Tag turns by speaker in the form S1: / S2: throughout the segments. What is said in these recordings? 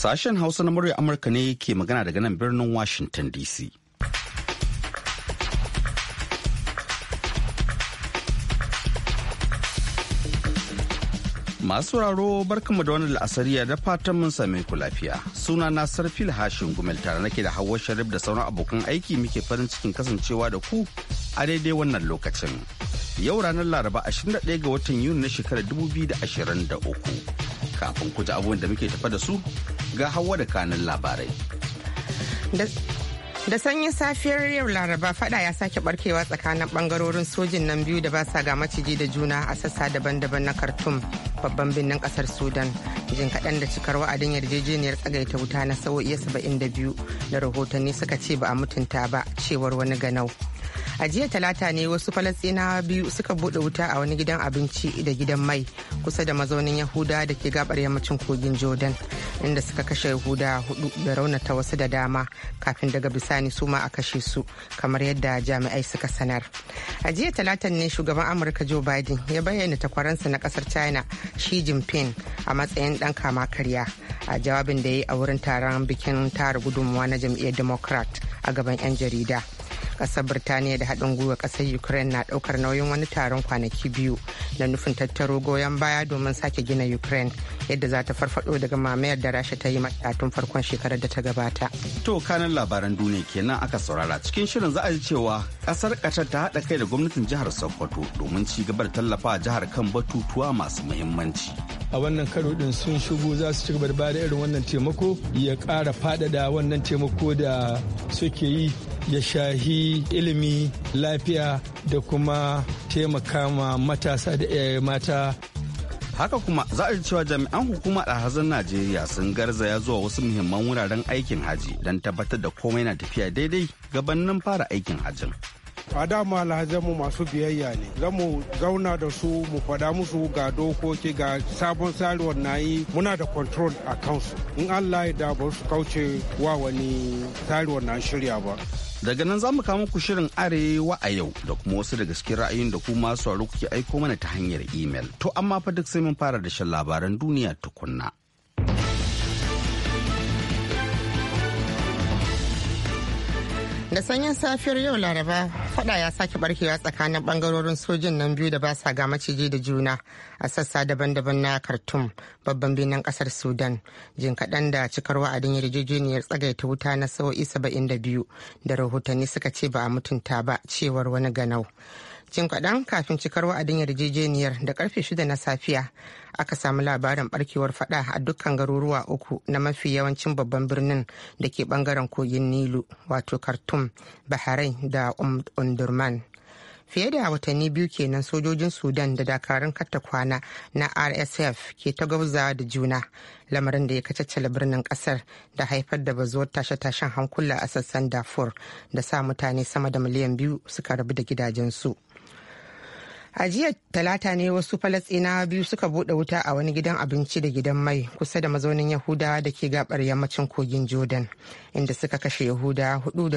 S1: Sashen Hausa na murya Amurka ne ke magana daga nan birnin Washington DC. Masu raro barkanmu da wani la'asariya da fatan mun same ku lafiya. Suna na Sarfil Hashin Gumel tare nake da Hawwa Sharif da sauran abokan aiki muke farin cikin kasancewa da ku a daidai wannan lokacin. Yau ranar Laraba 21 ga watan Yuni na shekarar 2023. Kafin ku ji abubuwan da muke tafa da su ga hawa da kanin labarai.
S2: Da sanyin safiyar yau Laraba fada ya sake barkewa tsakanin bangarorin sojin nan biyu da ba sa ga maciji da juna a sassa daban-daban na Khartoum babban birnin kasar Sudan. Jin kaɗan da cikar wa'adin yarjejeniyar tsagaita wuta na sa'o'i 72 da rahotanni suka ce ba a mutunta ba cewar wani ganau. a jiya talata ne wasu falastinawa biyu suka buɗe wuta a wani gidan abinci da gidan mai kusa da mazaunin yahuda da ke gabar yammacin kogin jordan inda suka kashe huda hudu da raunata wasu da dama kafin daga bisani su ma a kashe su kamar yadda jami'ai suka sanar a jiya talatan ne shugaban amurka joe biden ya bayyana takwaransa na kasar china shi jinping a matsayin dan kama karya a jawabin da ya yi a wurin taron bikin tara gudunmawa na jam'iyyar democrat a gaban 'yan jarida kasar birtaniya da haɗin gwiwa kasar ukraine na ɗaukar nauyin wani taron kwanaki biyu na nufin tattaro goyon baya domin sake gina ukraine yadda za ta farfado daga mamayar da rasha ta yi mata tun farkon shekarar da ta gabata
S1: to kanan labaran duniya kenan aka saurara cikin shirin za a ji cewa kasar qatar ta haɗa kai da gwamnatin jihar sokoto domin ci gaba da tallafa jihar kan batutuwa masu muhimmanci
S3: a wannan karo din sun shigo za su ci gaba da irin wannan taimako ya ƙara faɗaɗa wannan taimako da suke yi ya shahi ilimi lafiya da kuma taimaka ma matasa da iyaye eh, mata
S1: haka kuma za a cewa jami'an hukuma a alhazan najeriya sun garzaya zuwa wasu muhimman wuraren aikin haji don tabbatar da komai na tafiya daidai gabanin fara aikin hajin.
S4: a dama alhazanmu masu biyayya ne Zan mu zauna da su mu faɗa musu ga dokoki ga sabon tsariwar na yi muna da control a kansu in allah ya da su kauce wa wani tsariwar na shirya ba
S1: daga nan za mu kawo muku shirin arewa a yau da kuma wasu daga cikin ra'ayin da kuma sauraro kuke aiko mana ta hanyar imel to amma fa duk sai mun fara da shan labaran duniya tukunna
S2: da sanyin safiyar yau laraba fada ya sake barkewa tsakanin bangarorin sojin nan biyu da ba sa ga maciji da juna a sassa daban-daban na khartoum babban birnin kasar sudan jin kaɗan da cikar wa'adin yarjejeniyar tsagaita wuta na sa'o'i 72 da rahotanni suka ce ba a mutunta ba cewar wani ganau jin kaɗan kafin cikar wa'adin yarjejeniyar da karfe shida na safiya aka samu labarin barkewar fada a dukkan garuruwa uku na mafi yawancin babban birnin da ke bangaren kogin nilu wato khartoum bahrain da umdurman um, fiye da watanni biyu kenan sojojin sudan da dakarun katta kwana na rsf ke ta gauzawa da juna lamarin da ya kacaccala birnin kasar da haifar da bazuwar tashe-tashen hankula a sassan darfur da sa mutane sama da miliyan biyu suka rabu da gidajensu. a jiya talata ne wasu falastinawa biyu suka bude wuta a wani gidan abinci da gidan mai kusa da mazaunin yahudawa da ke gabar yammacin kogin jordan inda suka kashe yahudawa hudu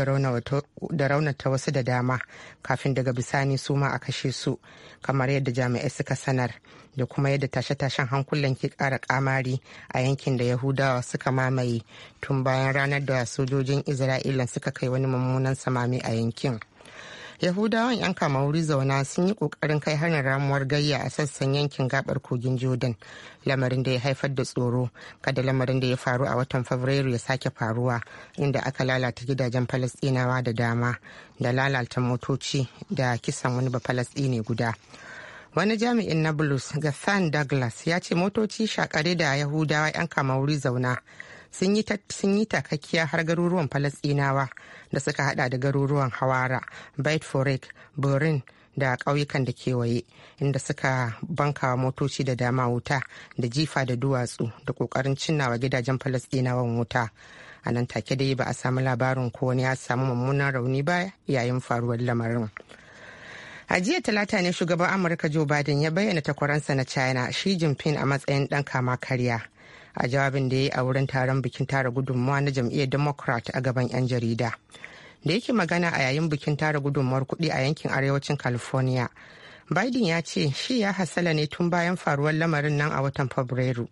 S2: da raunata wasu da dama kafin daga bisani su ma a kashe su kamar yadda jami'ai suka sanar da kuma yadda tashe-tashen hankulan ke kara kamari a yankin da yahudawa suka mamaye tun bayan ranar da sojojin isra'ila suka kai wani mummunan samami a yankin. yahudawan 'yan kama wuri zauna sun yi kokarin kai harin ramuwar gayya a sassan yankin gabar kogin jordan lamarin da ya haifar da tsoro kada lamarin da ya faru a watan fabrairu ya sake faruwa inda aka lalata gidajen falasɗinawa da dama da lalata motoci da kisan wani ba bafalastine guda wani jami'in na nablus gassan douglas ya ce motoci shakare da yahudawa 'yan kama wuri zauna sun yi takakkiya har garuruwan falasɗinawa da suka hada da garuruwan hawara bait burin da ƙauyukan da kewaye inda suka bankawa motoci da dama wuta da jifa da duwatsu da ƙoƙarin cinnawa gidajen falasɗinawan wuta a nan take dai ba a samu labarin ko wani ya samu mummunan rauni ba yayin faruwar lamarin a jiya talata ne shugaban amurka joe biden ya bayyana takwaransa na china shi jinping a matsayin dan kama karya a jawabin da ya yi a wurin taron bikin tara gudunmawa na jam'iyyar democrat a gaban 'yan jarida da yake magana a yayin bikin tara gudunmawar kuɗi a yankin arewacin california biden ya ce shi ya hasala ne tun bayan faruwar lamarin nan a watan fabrairu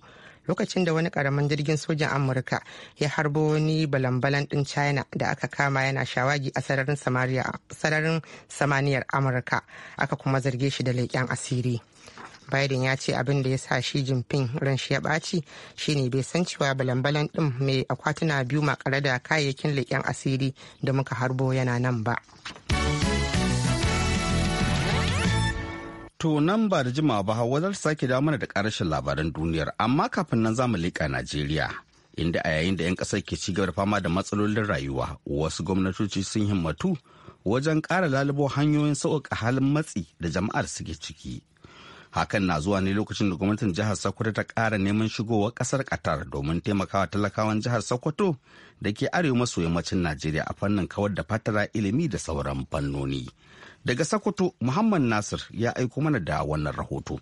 S2: lokacin da wani karamin jirgin sojan amurka ya harbo wani balan-balan din china da aka kama yana shawagi a sararin samaniyar amurka aka kuma zarge shi da leƙen asiri biden ya ce abin da ya sa shi jinping ran shi ya ɓaci shine bai san cewa balan-balan ɗin mai akwatuna biyu makare da kayayyakin leƙen asiri da muka harbo yana nan ba To nan ba da jimawa ba hawa zar sake
S1: da mana da karashin labaran duniyar amma kafin nan zamu leƙa Najeriya. Inda a yayin da 'yan ƙasar ke cigaba da fama da matsalolin rayuwa wasu gwamnatoci sun himmatu wajen ƙara lalubo hanyoyin sauƙaƙa halin matsi da jama'ar suke ciki. hakan na zuwa ne lokacin da gwamnatin jihar sokoto ta kara neman shigowar kasar qatar domin taimakawa talakawan jihar sokoto da ke arewa maso yammacin najeriya a fannin kawar da fatara ilimi da sauran fannoni daga sokoto muhammad nasir ya aiko mana da wannan rahoto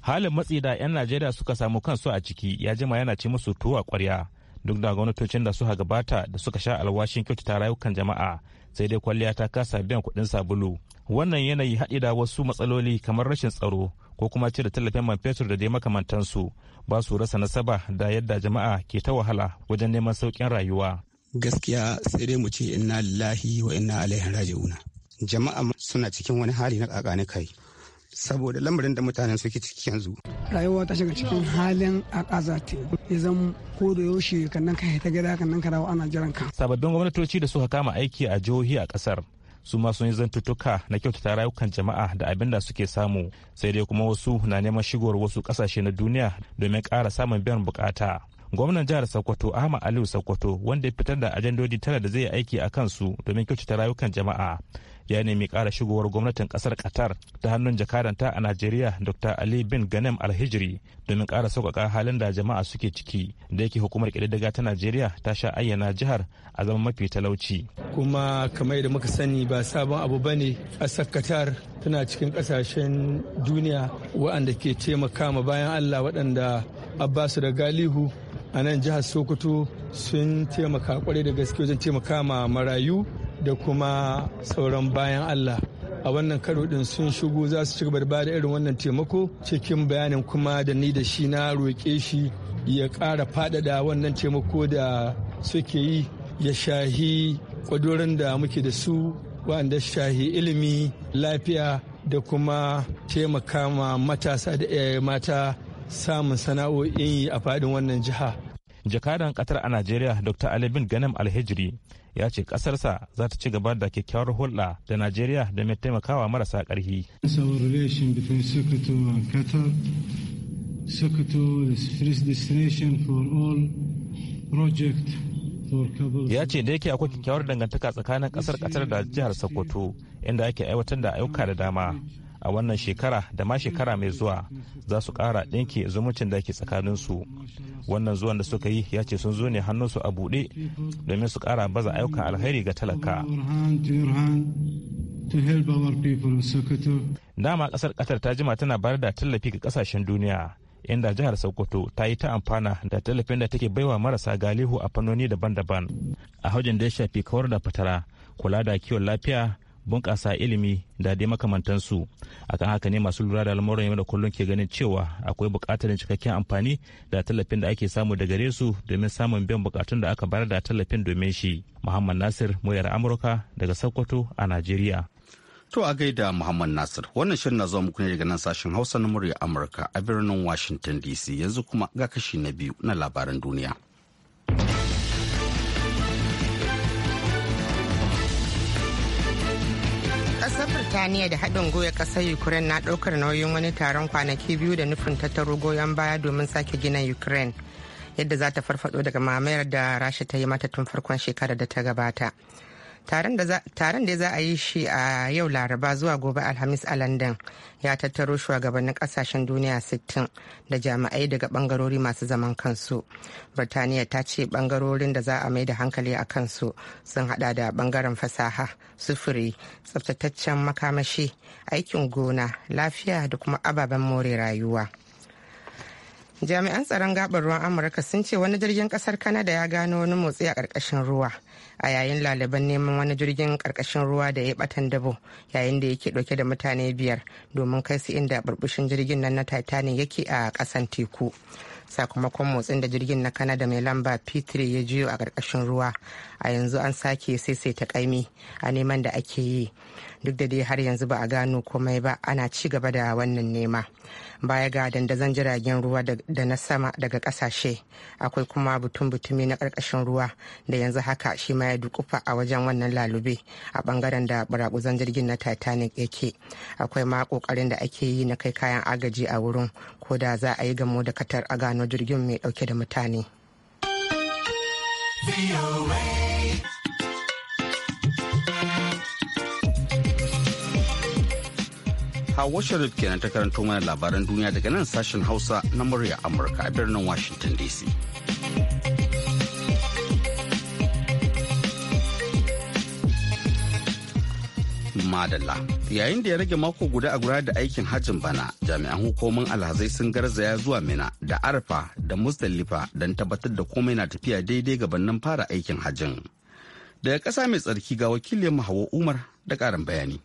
S4: halin matsi da 'yan najeriya suka samu kansu a ciki ya jima yana ce musu tuwa kwarya duk da gwamnatocin da suka gabata da suka sha alwashin kyautata rayukan jama'a sai dai kwalliya ta kasa biyan kuɗin sabulu wannan yanayi haɗi da wasu matsaloli kamar rashin tsaro ko kuma cire tallafin man fetur da dai makamantansu ba su rasa nasaba da yadda jama'a ke ta wahala wajen
S1: neman sauƙin rayuwa gaskiya sai dai mu ce inna lillahi wa inna ilaihi raji'una jama'a suna cikin wani hali na kakani kai saboda lamarin da mutanen suke ciki yanzu. Rayuwa ta shiga cikin halin akazati ya zama ko da yaushe kannan ka ta gida kannan ka rawa ana jiran ka.
S4: Sababbin gwamnatoci da suka kama aiki a jihohi a kasar su ma sun yi zantutuka na kyautata rayukan jama'a da abin da suke samu sai dai kuma wasu na neman shigowar wasu kasashe na duniya domin ƙara samun biyan bukata. gwamnan jihar sokoto ahmad aliyu sokoto wanda ya fitar da ajandodi tara da zai aiki a kansu domin kyautata rayukan jama'a ya nemi ƙara shigowar gwamnatin ƙasar qatar ta hannun jakadanta a najeriya dr ali bin ganem alhijri domin ƙara sauƙaƙa halin da jama'a suke ciki da yake hukumar ƙididdiga ta najeriya ta sha ayyana jihar a zaman mafi talauci
S3: kuma kamar yadda muka sani ba sabon abu ba ne ƙasar qatar tana cikin kasashen duniya waɗanda ke taimaka ma bayan allah waɗanda abbasu da galihu a nan jihar sokoto sun taimaka kwarai da gaske wajen taimaka ma marayu da kuma sauran bayan Allah a wannan karo din sun shigo za su ci gaba da irin wannan taimako cikin bayanin kuma da ni da shi na roƙe shi ya ƙara faɗaɗa wannan taimako da suke yi ya shahi ƙwadoron da muke da su wanda shahi ilimi lafiya da kuma taimaka ma matasa da eh, mata samun sana'o'in yi a faɗin wannan jiha jakadan katar a
S4: najeriya dr alibin ganem alhijri ya ce kasarsa za ta ci gaba da kyakkyawar hulɗa da najeriya da mai taimakawa marasa ƙarfi ya ce da yake akwai kyakkyawar dangantaka tsakanin kasar katar da jihar sokoto inda ake aiwatar da ayyuka da dama a wannan shekara da ma shekara mai zuwa za su kara ɗinke zumuncin da ke tsakaninsu wannan zuwan da suka yi ya ce sun zo ne hannunsu a buɗe domin su kara baza ayyukan alheri ga talaka dama ƙasar ƙatar ta jima tana bayar da tallafi ga ƙasashen duniya inda jihar sokoto ta yi ta amfana da tallafin da take baiwa marasa galihu a fannoni daban-daban a hujin da ya shafi kawar da fatara kula da kiwon lafiya bunƙasa ilimi da dai makamantansu akan haka ne masu lura da al'amuran yau da kullum ke ganin cewa akwai buƙatar cikakken amfani da tallafin da ake samu daga gare su domin samun biyan buƙatun da aka bayar da tallafin domin shi muhammad nasir muryar amurka daga sokoto a najeriya
S1: To a gaida Muhammad Nasir, wannan shirin na zuwa muku ne daga nan sashen Hausa na murya Amurka a birnin Washington DC yanzu kuma ga kashi na biyu na labaran duniya.
S2: kasar Birtaniya da haɗin goyon ƙasar Ukraine na ɗaukar nauyin wani taron kwanaki biyu da nufin tattaro goyon baya domin sake gina Ukraine. yadda za ta farfado daga mamayar da rasha ta yi mata tun farkon shekarar da ta gabata taron da za a yi shi a yau laraba zuwa gobe alhamis a london ya tattaro shugabannin kasashen duniya 60 da jami'ai daga bangarori masu zaman kansu birtaniya ta ce bangarorin da za a mai da hankali a kansu sun hada da bangaren fasaha sufuri tsaftataccen makamashi aikin gona lafiya da kuma ababen more rayuwa jami'an tsaron gabar ruwan amurka sun ce wani jirgin kasar kanada ya gano wani motsi a ƙarƙashin ruwa a yayin laliban neman wani jirgin karkashin ruwa da ya batan dabo yayin da yake dauke da mutane biyar domin kai su inda burbushin jirgin nan na titanic yake a kasan teku sakamakon motsin da jirgin na kanada mai lamba p3 ya jiyo a karkashin ruwa a yanzu an sake ta kaimi a neman da ake yi duk da dai har yanzu ba a gano komai ba ana ci gaba da wannan nema baya ga dandazon jiragen ruwa da na sama daga kasashe akwai kuma butun-butumi na karkashin ruwa da yanzu haka shi ma ya dukufa a wajen wannan lalube a bangaren da barakuzan jirgin na titanic yake akwai ma kokarin da ake yi na kai kayan agaji a wurin ko da za a yi gamo da katar a gano jirgin mai dauke da mutane.
S1: Hawa Sharif kenan ta karanto mana labaran duniya daga nan sashen Hausa na murya Amurka a birnin Washington DC. Madalla. Yayin da ya rage mako guda a gudanar da aikin hajjin bana, jami'an hukumomin alhazai sun garzaya zuwa Mina da Arfa da Musdalifa don tabbatar da komai na tafiya daidai gabanin fara aikin hajjin. Daga ƙasa mai tsarki ga wakilin Hawa Umar da karin bayani.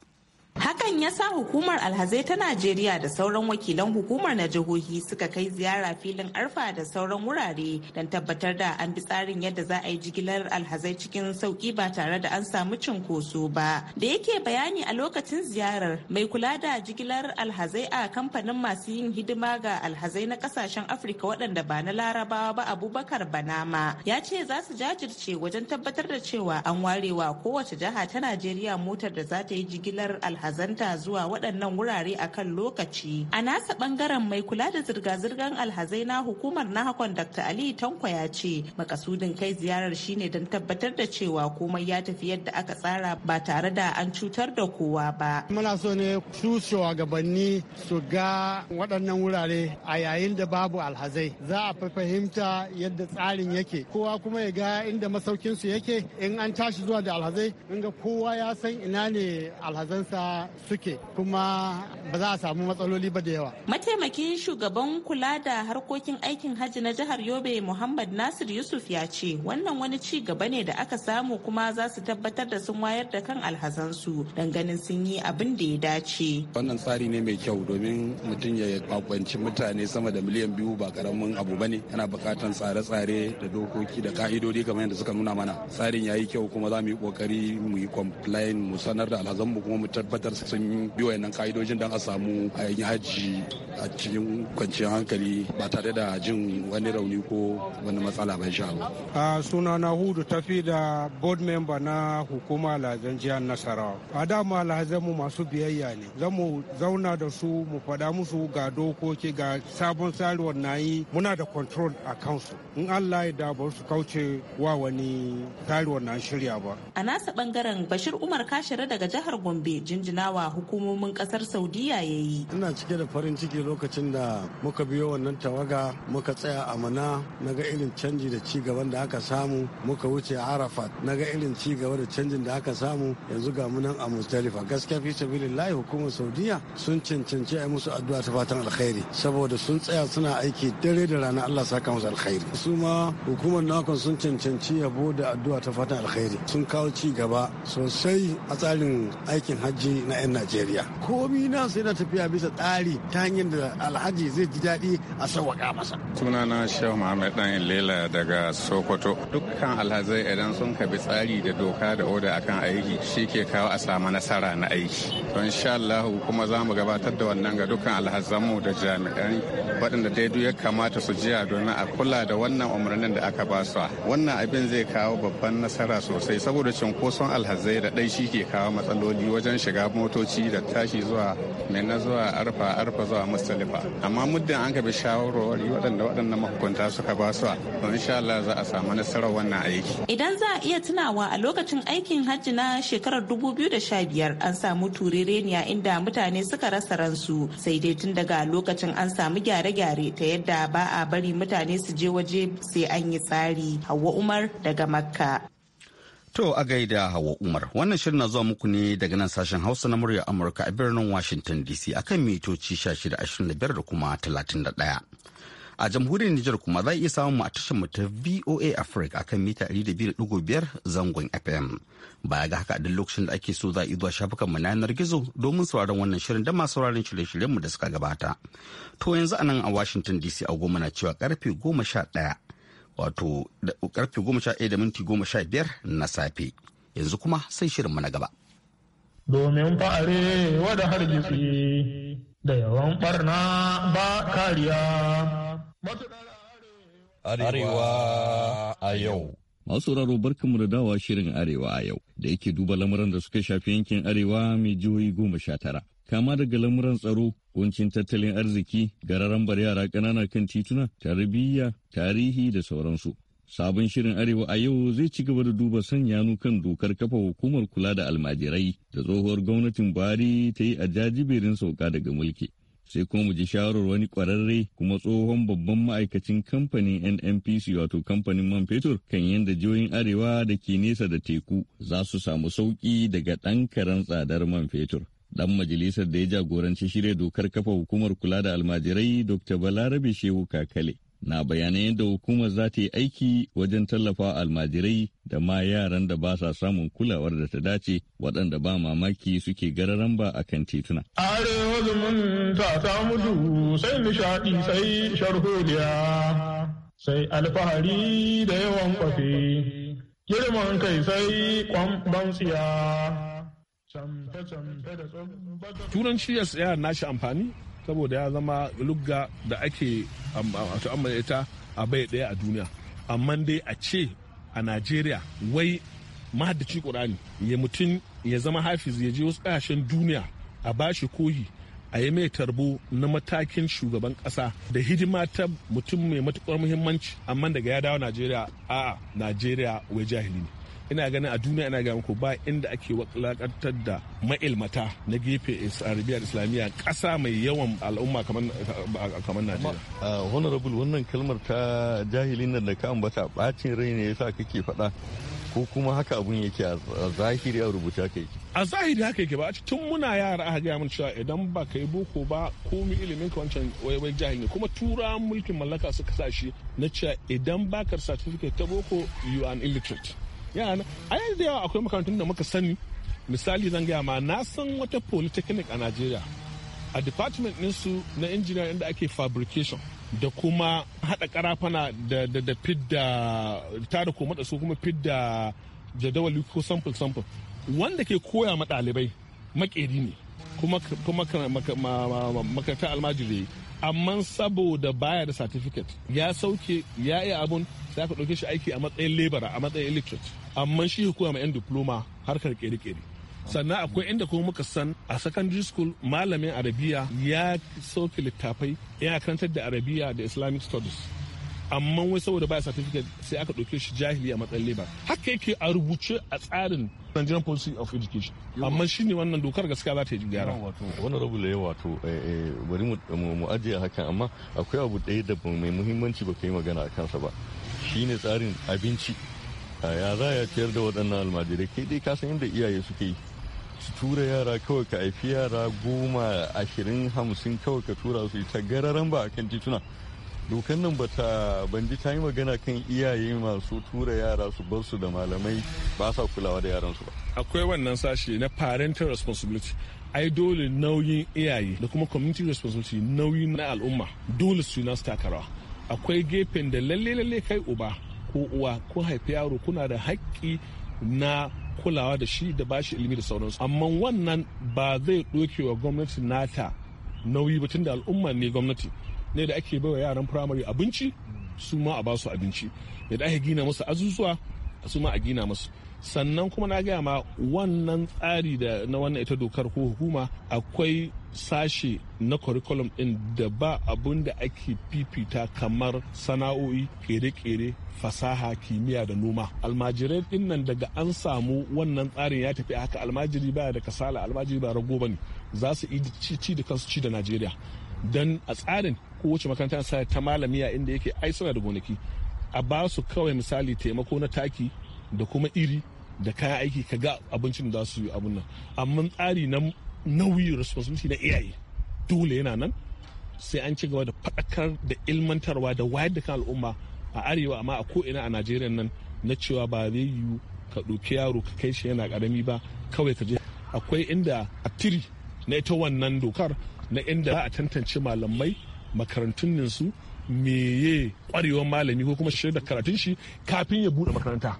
S5: ya sa hukumar alhazai ta najeriya da sauran wakilan hukumar na jihohi suka kai ziyara filin arfa da sauran wurare don tabbatar da an bi tsarin yadda za a yi jigilar alhazai cikin sauki ba tare da an samu cinkoso ba da yake bayani a lokacin ziyarar mai kula da jigilar alhazai a kamfanin masu yin hidima ga alhazai na kasashen afirka waɗanda ba na larabawa ba abubakar banama ya ce za su jajirce wajen tabbatar da cewa an warewa kowace jiha ta najeriya motar da za ta yi jigilar alhazanta zuwa waɗannan wurare a kan lokaci a nasa bangaren mai kula da zirga-zirgar alhazai na hukumar na hakon dr ali tanko ya ce makasudin kai ziyarar shine don tabbatar da cewa komai ya tafi yadda aka tsara ba tare da an cutar da
S1: kowa ba muna so ne su shugabanni su ga waɗannan wurare a yayin da babu alhazai za a fahimta yadda tsarin yake kowa kuma ya ga inda masaukinsu yake in an tashi zuwa da alhazai in ga kowa ya san ina ne alhazansa su suke kuma ba za a samu matsaloli ba da yawa.
S5: Mataimakin shugaban kula da harkokin aikin hajji na jihar Yobe Muhammad Nasir Yusuf ya ce wannan wani ci gaba ne da aka samu kuma za su tabbatar da sun wayar da kan alhazansu don ganin
S1: sun yi abin da ya dace. Wannan tsari ne mai kyau domin mutum ya bakwanci mutane sama da miliyan biyu ba karamin abu bane yana bukatan tsare-tsare da dokoki da ka'idodi kamar yadda suka nuna mana tsarin ya yi kyau kuma za mu yi kokari mu yi complain mu sanar da alhazan mu kuma mu tabbatar sun an bi ka'idojin don a samu a yi haji a cikin kwanciyar hankali ba tare da jin wani rauni ko wani matsala ba insha Allah.
S4: A suna na hudu tafi da board member na hukuma alhazan jihar nasara A dama alhazan mu masu biyayya ne. zamu zauna da su mu faɗa musu ga dokoki ga sabon tsarin na yi muna da control a kansu. In Allah ya da ba su kauce wa wani tarwar na shirya ba.
S5: A nasa bangaren Bashir Umar Kashira daga jihar Gombe
S6: jinjinawa hukumomin kasar saudiya ya yi ina cike da farin ciki lokacin da muka biyo wannan tawaga muka tsaya a mana na ga irin canji da ci gaban da aka samu muka wuce a arafat na ga irin ci gaba da canjin da aka samu yanzu ga mu nan a mustalifa gaskiya fi sabilillahi hukumar saudiya sun cancanci a musu addu'a ta fatan alkhairi saboda sun tsaya suna aiki dare da rana allah saka musu alkhairi su ma hukumar nakon sun cancanci yabo da addu'a ta fatan alkhairi sun kawo ci gaba sosai a tsarin aikin hajji na yan Najeriya. Komi na sai na tafiya bisa tsari ta hanyar da alhaji zai ji
S1: daɗi a sauwaƙa masa. Sunana Shehu Muhammad Dan lela daga Sokoto. Dukkan alhazai idan sun kabi tsari da doka da oda akan aiki shi ke kawo a samu nasara na aiki. Don sha Allah kuma za mu gabatar da wannan ga dukkan alhazanmu da jami'an waɗanda daidu ya kamata su jiya domin a kula da wannan umarnin da aka ba su. Wannan abin zai kawo babban nasara sosai saboda cunkoson alhazai da ɗai shi ke kawo matsaloli wajen shiga motoci lokaci da tashi zuwa na zuwa arfa arfa zuwa mustalifa amma muddin an kabi shawarwari waɗanda waɗannan mahukunta suka ba su to insha Allah za a samu nasarar wannan aiki
S5: idan za a iya tunawa a lokacin aikin hajji na shekarar 2015 an samu turereniya inda mutane suka rasa ransu sai dai tun daga lokacin an samu gyare-gyare ta yadda ba a bari mutane su je waje sai an yi tsari hawa umar daga makka
S1: To a gaida Hawa Umar, wannan shirin na zuwa muku ne daga nan sashen Hausa na murya Amurka a birnin Washington DC a kan mitoci 1625 da kuma 31. A jamhuriyar Nijar kuma za a iya samun a tashar mu ta VOA Africa a kan mita 200.5 zangon FM. Baya ga haka a duk lokacin da ake so za a yi zuwa shafukan mu na yanar gizo domin sauraron wannan shirin da masu sauraron shirye-shiryen mu da suka gabata. To yanzu a nan a Washington DC a goma na cewa karfe 11 wato karfe goma sha ɗaya da minti goma sha biyar na safe yanzu kuma sai shirinmu na gaba.
S7: Domin fa'are wada hargitsi da yawan barna ba kariya.
S8: Arewa a yau. Masu raro barkanmu da dawa shirin Arewa a yau da yake duba lamuran da suka shafi yankin Arewa mai jihohi goma sha tara. kama daga lamuran tsaro kuncin tattalin arziki gararan bar yara ƙanana kan tituna tarbiyya tarihi da sauransu sabon shirin arewa a yau zai ci gaba da duba sanyanu kan dokar kafa hukumar kula da almajirai da tsohuwar gwamnatin buhari ta yi a jajiberin sauka daga mulki sai kuma mu ji shawarar wani kwararre kuma tsohon babban ma'aikacin kamfanin nnpc wato kamfanin man fetur kan yadda jihohin arewa da ke nesa da teku za su samu sauƙi daga ɗan karen tsadar man fetur dan majalisar da ya jagoranci shirya dokar kafa hukumar kula da almajirai dr balarabe shehu kakale na bayanai yadda hukumar za ta yi aiki wajen tallafa almajirai da ma yaran da ba sa samun kulawar da ta dace waɗanda ba mamaki suke gararan ba a kan tituna.
S9: arewa zumunta ta mutu sai nishaɗi sai sharholiya sai alfahari da yawan kwafe girman kai sai kwamban tsiya turanci ya tsaya nashi amfani saboda ya zama lugga da ake ta'ammala ita a bai daya a duniya amma dai a ce a najeriya wai mahaddaci kur'ani ya mutum ya zama hafiz ya je wasu ƙasashen duniya a bashi kohi a yi mai tarbo na matakin shugaban ƙasa da hidima ta mutum mai matukar muhimmanci amma daga ya dawo najeriya a najeriya wai jahili ne ina ganin a duniya ina ganin ku ba inda ake walakantar da ma'ilmata na gefe arabiyar islamiyya ƙasa mai yawan al'umma kamar najeriya
S8: uh, honorable wannan kalmar ta jahilin nan da ka ambata bacin rai ne yasa kake faɗa ko kuma haka abun yake a zahiri a rubuce haka yake
S9: a zahiri haka yake ba a tun muna yara aka gaya mun cewa idan ba ka yi boko ba komi ilimin ka wancan waiwai jahil ne kuma tura mulkin mallaka suka sa shi na cewa idan ba ka certificate ta boko you an illiterate yana a yanzu da yawa akwai makarantun da muka sani misali zan gaya ma na san wata polytechnic a najeriya a department ɗinsu na engineer inda ake fabrication da kuma haɗa karafana da da fidda tara da su kuma fidda jadawali ko sample sample wanda ke koya ma ɗalibai maƙeri ne kuma makarantar almajiri amma saboda baya da certificate ya sauke ya yi abun sai aka ɗauke shi aiki a matsayin labara a matsayin electorate amma shi hukuma mai yan diploma harkar kere-kere sannan akwai inda kuma muka san a secondary school malamin arabiya ya sauke littafai yana karantar da arabiya da islamic studies amma wai saboda baya certificate sai aka ɗauke shi jahili a matsayin labara haka yake a rubuce a tsarin Nigerian policy of education amma shi ne wannan dokar gaskiya za ta yi gyara
S8: wani rabu da wato eh, eh, bari mu ajiye hakan amma akwai abu ɗaya da mai muhimmanci ba ka yi magana a kansa ba shi ne tsarin abinci ya za ya ciyar da waɗannan almajirai kai dai kasan inda iyaye suke yi su tura yara kawai ka aifi yara goma ashirin hamsin kawai ka tura su ta gararan ba a kan tituna dokan nan ba ta banji ta yi magana kan iyaye masu tura yara su
S9: bar su da malamai ba sa kulawa da yaransu ba akwai wannan sashe na parental responsibility ai dole nauyin iyaye da kuma community responsibility nauyi na al'umma dole su na takarawa akwai gefen da lalle lalle kai uba ko uwa ko haifi yaro kuna da haƙƙi na kulawa da shi da bashi ilimi da sauransu amma wannan ba zai ɗoke wa gwamnati nata nauyi ba tunda al'umma ne gwamnati ne da ake baiwa yaran firamare abinci su ma a ba su abinci da ake gina musu azuzuwa su ma a gina masu sannan kuma na gaya ma wannan tsari da na wannan ita dokar ko hukuma akwai sashe na curriculum din da ba abun da ake fifita kamar sana'o'i kere-kere fasaha kimiyya da noma almajirai din nan daga an samu wannan tsarin ya tafi haka almajiri ba da kasala almajiri ba rago bane za su ci da kansu ci da najeriya don a tsarin wuce makaranta sa ta malami a inda yake ai suna da gonaki a ba su kawai misali taimako na taki da kuma iri da kayan aiki ka ga abincin da su yi abun nan amma tsari na nauyi responsibility na iyaye dole yana nan sai an ci gaba da faɗakar da ilmantarwa da wayar da kan al'umma a arewa amma a ko ko'ina a najeriya nan na cewa ba zai yiwu ka ɗauki yaro ka kai shi yana karami ba kawai ka je akwai inda a tiri na ita wannan dokar na inda za a tantance malamai makarantun su meye kwarewar malami ko kuma shirya da karatun shi kafin ya bude makaranta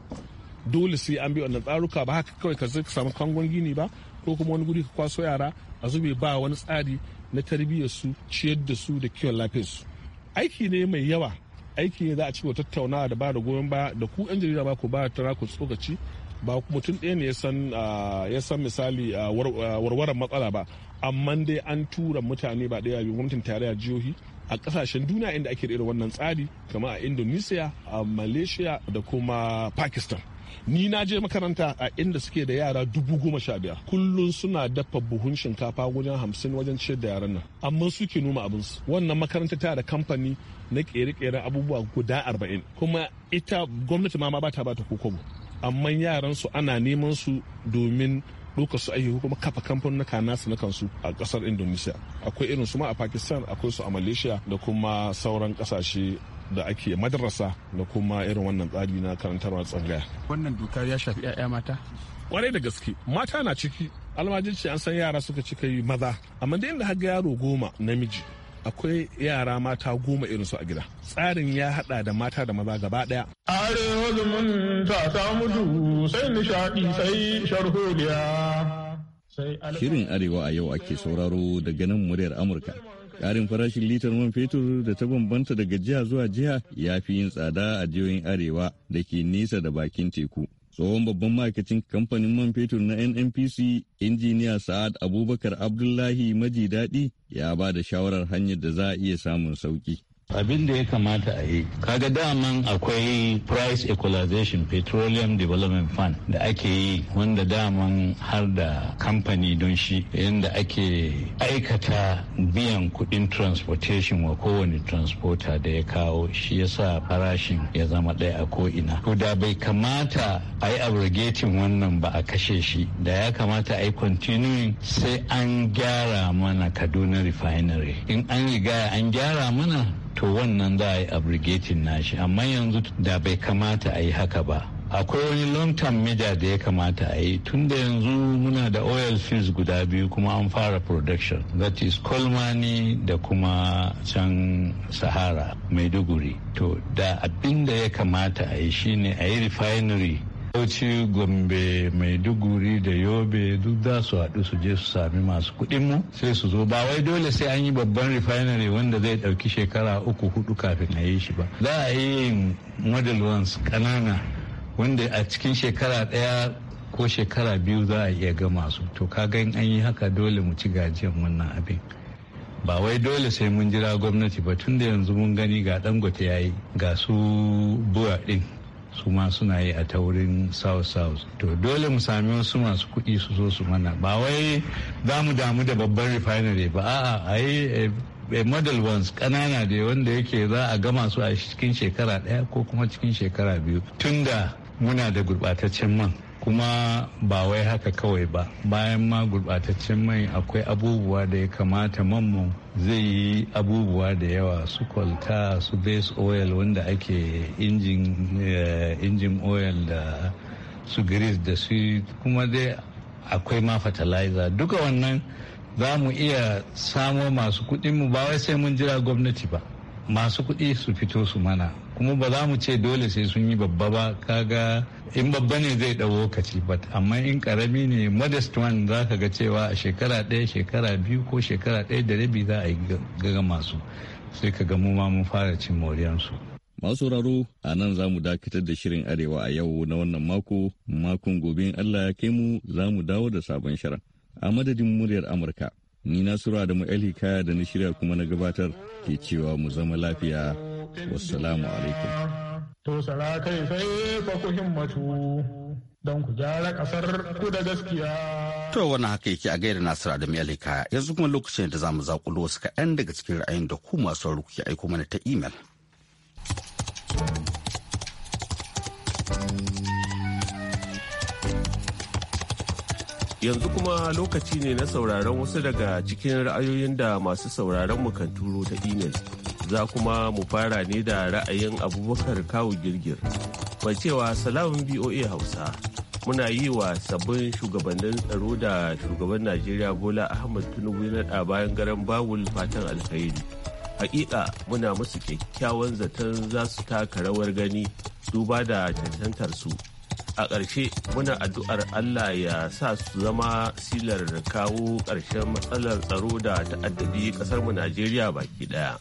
S9: dole sai an bi wannan tsaruka ba haka kawai ka samu kangon gini ba ko kuma wani guri ka kwaso yara a zube ba wani tsari na tarbiyyar su ciyar da su da kiwon lafiyar su aiki ne mai yawa aiki ne za a ci wa tattaunawa da ba da goyon baya da ku yan jarida ba ku ba ta ku tsokaci ba mutum ɗaya ne ya san ah, misali ah, ah, warwaran matsala ba amma dai an tura mutane ba daya biyu gwamnatin tarayya jihohi a kasashen duniya inda ake irin wannan tsari kamar a indonesia a malaysia da kuma pakistan ni na je makaranta a inda suke da yara dubu goma sha biyar kullum suna dafa buhun shinkafa wajen hamsin wajen ciyar da yaran nan amma suke noma abinsu wannan makaranta ta da kamfani na kere-keren abubuwa guda arba'in kuma ita gwamnati ma ba ta ba ta kokobo amma yaran su ana neman su domin ɗaukar su ayyuka kuma kafa kamfanuka nasu na kansu a kasar indonesia akwai irin su ma a pakistan akwai su a malaysia da kuma sauran kasashe da ake madarasa da kuma irin wannan tsari na karantarwa tsangaya. Wannan doka ya shafi 'ya'ya mata? Kwarai da gaske, mata na ciki. Almajirci an san yara suka cika yi maza, amma da inda ga yaro goma namiji akwai yara mata goma irin su a gida tsarin ya hada da mata da maza gaba daya are zumunta ta mudu sai nishadi sai sharholiya Shirin
S8: Arewa a yau ake sauraro daga nan muryar Amurka. Karin farashin litar man fetur da ta bambanta daga jiha zuwa jiha ya fi yin tsada a jihohin Arewa da ke nesa da bakin teku. tsohon babban ma'aikacin kamfanin man fetur na nnpc injiniya sa'ad abubakar abdullahi maji daɗi ya ba da shawarar hanyar da za a iya samun sauƙi abin da ya kamata a yi kaga daman akwai price equalization
S6: petroleum development fund da ake yi wanda daman har da kamfani don shi yadda ake aikata biyan kudin transportation wa kowane transporter da ya kawo shi yasa farashin ya zama ɗaya a ko'ina to da bai kamata a yi abrogating wannan ba a kashe shi da ya kamata a yi continuing sai an gyara mana kaduna refinery in an riga an gyara mana to wannan za a yi abrogating nashi amma yanzu da bai kamata a yi haka ba akwai wani long term media da ya kamata a yi tun da yanzu muna da oil fields guda biyu kuma an fara production that is kolmani da kuma can sahara maiduguri to da abinda ya kamata a yi shine a yi refinery Bauchi, Gombe, duguri da Yobe duk za su haɗu su je su sami masu kuɗin mu sai su zo ba wai dole sai an yi babban refinery wanda zai ɗauki shekara uku hudu kafin a yi shi ba. Za a yi yin model ones ƙanana wanda a cikin shekara ɗaya ko shekara biyu za a iya gama su to ka ga an yi haka dole mu ci gajiyan wannan abin. ba wai dole sai mun jira gwamnati ba tunda yanzu mun gani ga dangote ya yi ga su buwa ɗin. su ma suna yi a taurin south south to dole mu sami wasu masu kuɗi su zo su mana ba wai za mu damu da babban refinery ba a'a a yi eh, eh, model ones kanana da wanda yake za a gama su a cikin shekara ɗaya ko kuma cikin shekara biyu tunda muna da gurɓataccen man kuma ba wai haka kawai ba bayan ma gurɓataccen mai akwai abubuwa da ya kamata manmu zai yi abubuwa da yawa su kwalta su base oil wanda ake eh, injin oil da su grease da su kuma dai akwai ma fertilizer duka wannan za mu iya samo masu kuɗinmu ba wai sai mun jira gwamnati ba masu kuɗi su fito su mana kuma ba za mu ce dole sai sun yi babba ba kaga in babba ne zai ɗau lokaci ba amma in karami ne modest one za ka ga cewa a shekara ɗaya shekara biyu ko shekara ɗaya da rabi za a yi gaga masu sai ka ga mu ma
S8: mun fara cin moriyansu. Masu sauraro a nan za mu dakatar da shirin Arewa a yau na wannan mako, makon gobe in Allah ya kai mu za mu dawo da sabon shirin. A madadin muryar Amurka, ni na sura mu mu Kaya da na shirya kuma na gabatar ke cewa mu zama lafiya. Wassalamu alaikum.
S9: To sarakai sai fa ku himmatu
S4: don ku gyara kasar ku da gaskiya.
S1: To wani haka yake a gaida Nasiru Adamu Yalika yanzu kuma lokacin da zamu zakulo wasu kaɗan daga cikin ra'ayin da ku masu sauraro kuke aiko mana
S7: ta imel. yanzu kuma lokaci ne na sauraron wasu daga cikin ra'ayoyin da masu sauraron mu kan turo ta imel. za kuma mu fara ne da ra'ayin abubakar kawu girgir mai cewa salamun boa hausa muna yi wa sabbin shugabannin tsaro da shugaban najeriya bola ahmad tinubu na bayan garan bawul fatan alkhairi hakika muna musu kyakkyawan zaton za su taka rawar gani duba da cancantar su a ƙarshe muna addu'ar allah ya sa su zama silar kawo ƙarshen matsalar tsaro da ta'addabi ƙasarmu najeriya baki ɗaya.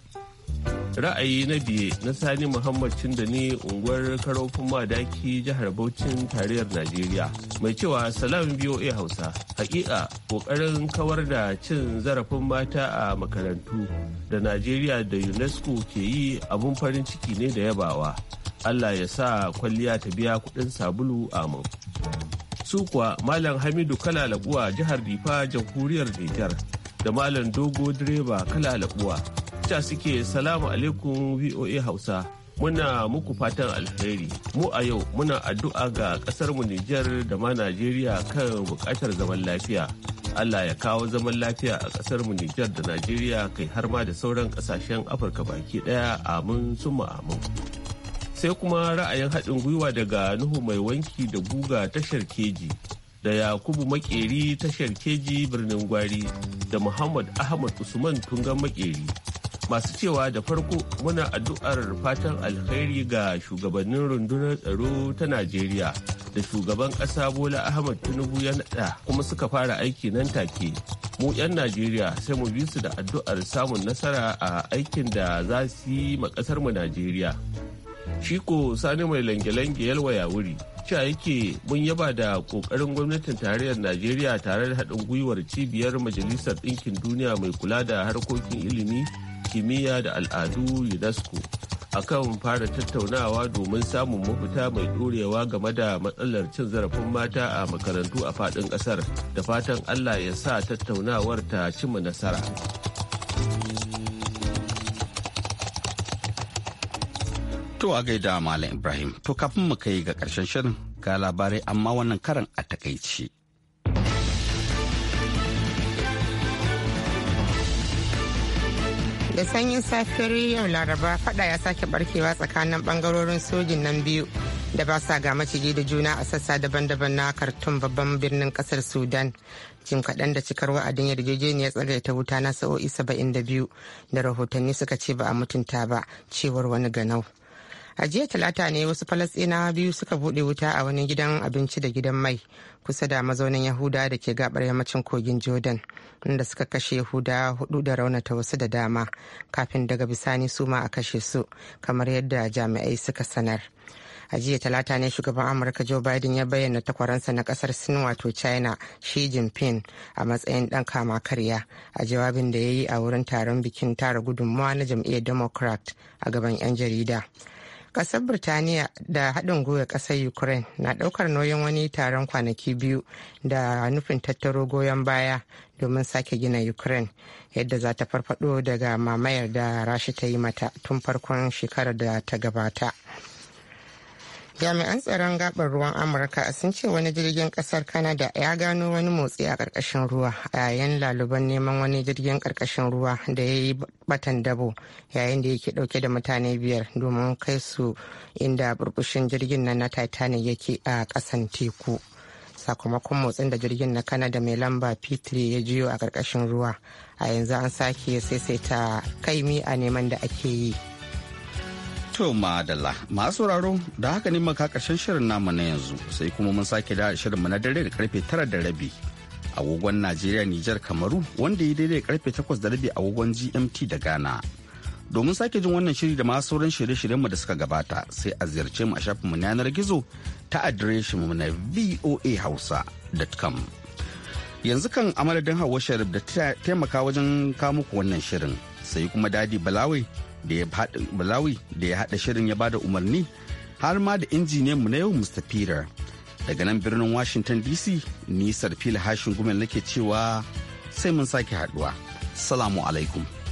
S7: ra'ayi na biye na sani muhammad da unguwar karofin madaki jihar Bauchin tarayyar najeriya mai cewa salam voa hausa hakika kokarin kawar da cin zarafin mata a makarantu da najeriya da unesco ke yi abun farin ciki ne da yabawa allah ya sa kwalliya ta biya kudin sabulu a su kuwa malam hamidu kalalabuwa jihar difa jamhuriyar nijar da malam dogo direba kalalabuwa ta suke salamu alaikum VOA Hausa. Muna muku fatan alheri. Mu a yau muna addu'a ga mu Nijar da ma Najeriya kan buƙatar zaman lafiya. Allah ya kawo zaman lafiya a mu Nijar da Najeriya kai har ma da sauran kasashen Afirka baki ɗaya amin summa amin. Sai kuma ra'ayin haɗin gwiwa daga Nuhu mai wanki da guga tashar keji. da yakubu makeri tashar keji birnin gwari da muhammad ahmad usman tungan makeri masu cewa da farko muna addu'ar fatan alkhairi ga shugabannin rundunar tsaro ta najeriya da shugaban ƙasa bola ahmad tinubu ya nada kuma suka fara aiki nan take mu 'yan najeriya sai mu bi su da addu'ar samun nasara a aikin da za su yi ma ƙasar mu najeriya shiko sani mai lange-lange yalwaya wuri cewa yake mun yaba da ƙoƙarin gwamnatin tarayyar najeriya tare da haɗin gwiwar cibiyar majalisar ɗinkin duniya mai kula da harkokin ilimi kimiyya da al'adu UNESCO akan fara tattaunawa domin samun mafita mai ɗorewa game da matsalar cin zarafin mata a makarantu a faɗin ƙasar da fatan Allah ya sa tattaunawar ta cimma nasara.
S1: To a gaida Malam Ibrahim, to kafin mu kai ga ƙarshen shirin ga labarai amma wannan karan a takaici.
S2: da sanyin safiyar yau laraba fada ya sake barkewa tsakanin bangarorin sojin nan biyu da ba sa ga maciji da juna a sassa daban-daban na kartun babban birnin kasar sudan jim kaɗan da cikar wa'adin yarjejeniyar ta wuta na sa'o'i 72 da rahotanni suka ce ba a mutunta ba cewar wani ganau a jiya talata ne wasu falastinawa biyu suka bude wuta a wani gidan abinci da gidan mai kusa da mazaunin yahuda da ke gabar yammacin kogin jordan inda suka kashe huda hudu da raunata wasu da dama kafin daga bisani su ma a kashe su kamar yadda jami'ai suka sanar a jiya talata ne shugaban amurka joe biden ya bayyana takwaransa na kasar sin wato china shi jinping a matsayin dan kama karya a jawabin da ya yi a wurin taron bikin tara gudunmawa na jam'iyyar democrat a gaban 'yan jarida kasar birtaniya da haɗin gwiwa ƙasar ukraine na ɗaukar nauyin wani taron kwanaki biyu da nufin tattaro goyon baya domin sake gina ukraine yadda za ta farfado daga mamayar da rashi ta yi mata tun farkon shekarar da ta gabata jami'an tsaron gabar ruwan amurka sun ce wani jirgin kasar canada ya gano wani motsi a karkashin ruwa a yayin laluban neman wani jirgin karkashin ruwa da ya yi batan dabo yayin da yake dauke da mutane biyar domin kai su inda burbushin jirgin nan na titanic yake a kasan teku sakamakon motsin da jirgin na canada mai lamba p3 ya jiyo a karkashin ruwa a yanzu an sake saisaita kaimi a neman da ake yi
S1: To madalla masu sauraro da haka ne maka karshen shirin namu na yanzu sai kuma mun sake da shirin mu na dare da karfe tara da rabi agogon Najeriya Nijar Kamaru wanda ya daidai karfe takwas da rabi agogon GMT da Ghana. Domin sake jin wannan shiri da masu sauran shirye-shiryenmu da suka gabata sai a ziyarce mu a shafin mu na yanar gizo ta mu na voahausa.com. Yanzu kan amaladin Hauwa Sharif da taimaka wajen kamuku wannan shirin sai kuma Dadi Balawai da ya haɗa Malawi da ya haɗa shirin ya bada umarni har ma da injiniyan mu na yau Mr. Peter. Daga nan birnin Washington DC ni Sarfila Hashin Gumel nake cewa sai mun sake haɗuwa. Salamu alaikum.